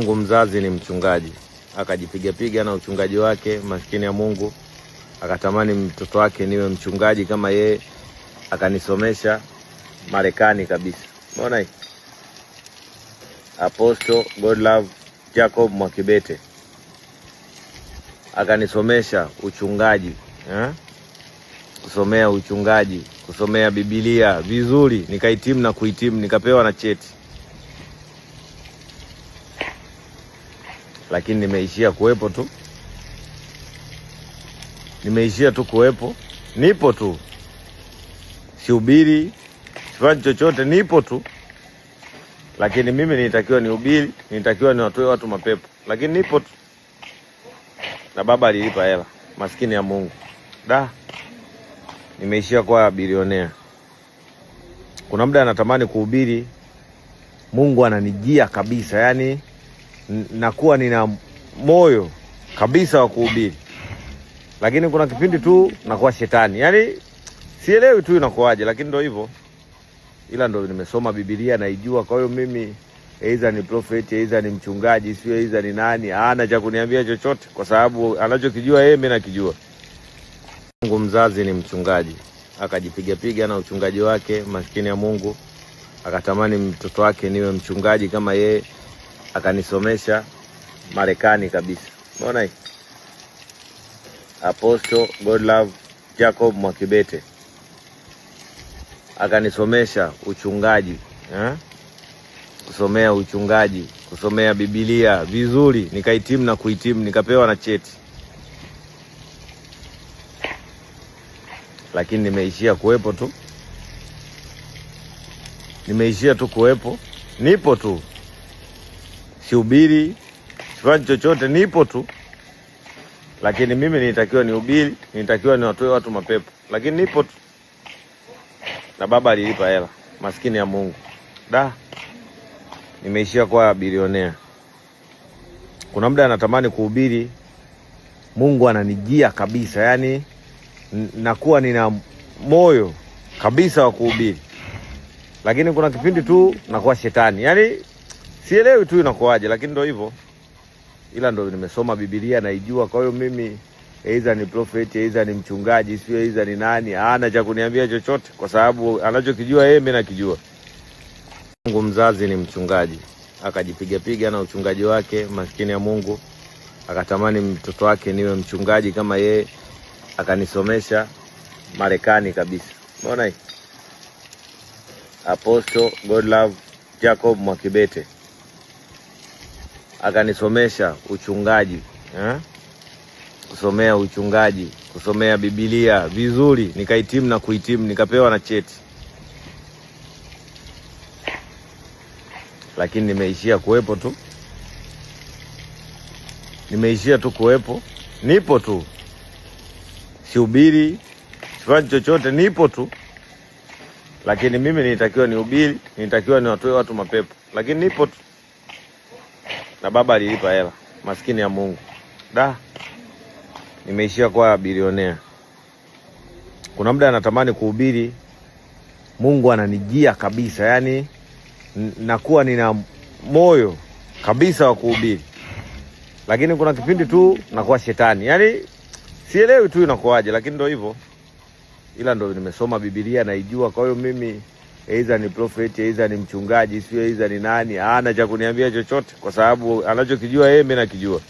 Mungu mzazi ni mchungaji, akajipigapiga na uchungaji wake, maskini ya Mungu akatamani mtoto wake niwe mchungaji kama yeye, akanisomesha Marekani kabisa. Umeona hii Apostle Godlove Jacob Mwakibete akanisomesha uchungaji ha? kusomea uchungaji, kusomea Biblia vizuri, nikahitimu na kuhitimu, nikapewa na cheti lakini nimeishia kuwepo tu, nimeishia tu kuwepo, nipo tu, sihubiri, sifanyi chochote, nipo tu. Lakini mimi nilitakiwa nihubiri, nilitakiwa niwatoe watu mapepo, lakini nipo tu, na baba alilipa hela, maskini ya Mungu da, nimeishia kwa bilionea. Kuna muda anatamani kuhubiri, Mungu ananijia kabisa, yani nakuwa nina moyo kabisa wa kuhubiri, lakini kuna kipindi tu nakuwa shetani, yaani sielewi tu inakuwaje, lakini ndo hivyo, ila ndo nimesoma Biblia naijua. Kwa hiyo mimi aidha ni prophet, aidha ni mchungaji, sio aidha ni nani, ana cha kuniambia chochote, kwa sababu anachokijua yeye mimi nakijua. Mungu mzazi ni mchungaji, akajipigapiga na uchungaji wake, maskini ya Mungu akatamani mtoto wake niwe mchungaji kama yeye akanisomesha Marekani kabisa. Unaona hii Apostle Godlove Jacob Mwakibete akanisomesha uchungaji eh? kusomea uchungaji, kusomea Biblia vizuri, nikahitimu na kuhitimu, nikapewa na cheti, lakini nimeishia kuwepo tu, nimeishia tu kuwepo, nipo tu sihubiri, sifanyi chochote, nipo tu, lakini mimi nilitakiwa nihubiri, nilitakiwa niwatoe watu mapepo, lakini nipo tu na baba alilipa hela, maskini ya Mungu da, nimeishia kwa bilionea. Kuna muda anatamani kuhubiri, Mungu ananijia kabisa, yani nakuwa nina moyo kabisa wa kuhubiri, lakini kuna kipindi tu nakuwa shetani, yani Sielewi tu inakuwaje, lakini ndo hivyo, ila ndo nimesoma Biblia naijua. Kwa hiyo mimi aidha ni profeti, aidha ni mchungaji, sio aidha ni nani, hana cha kuniambia chochote, kwa sababu anachokijua yeye mimi nakijua. Mungu mzazi ni mchungaji, akajipigapiga na uchungaji wake, maskini ya Mungu akatamani mtoto wake niwe mchungaji kama yeye, akanisomesha Marekani kabisa. Unaona hii Apostle Love Jacob Mwakibete akanisomesha uchungaji eh? kusomea uchungaji, kusomea bibilia vizuri, nikahitimu na kuhitimu, nikapewa na cheti, lakini nimeishia kuwepo tu, nimeishia tu kuwepo, nipo tu, siubiri sifanyi chochote, nipo tu. Lakini mimi nitakiwa niubiri nitakiwa niwatoe watu mapepo, lakini nipo tu na baba alilipa hela, maskini ya Mungu. Da, nimeishia kwa bilionea. Kuna muda anatamani kuhubiri, Mungu ananijia kabisa, yaani nakuwa nina moyo kabisa wa kuhubiri, lakini kuna kipindi tu nakuwa shetani, yaani sielewi tu inakuwaje, lakini ndo hivyo, ila ndo nimesoma Biblia naijua, kwa hiyo mimi aidha ni profeti, aidha ni mchungaji, sio aidha ni nani, hana cha kuniambia chochote, kwa sababu anachokijua yeye mimi nakijua.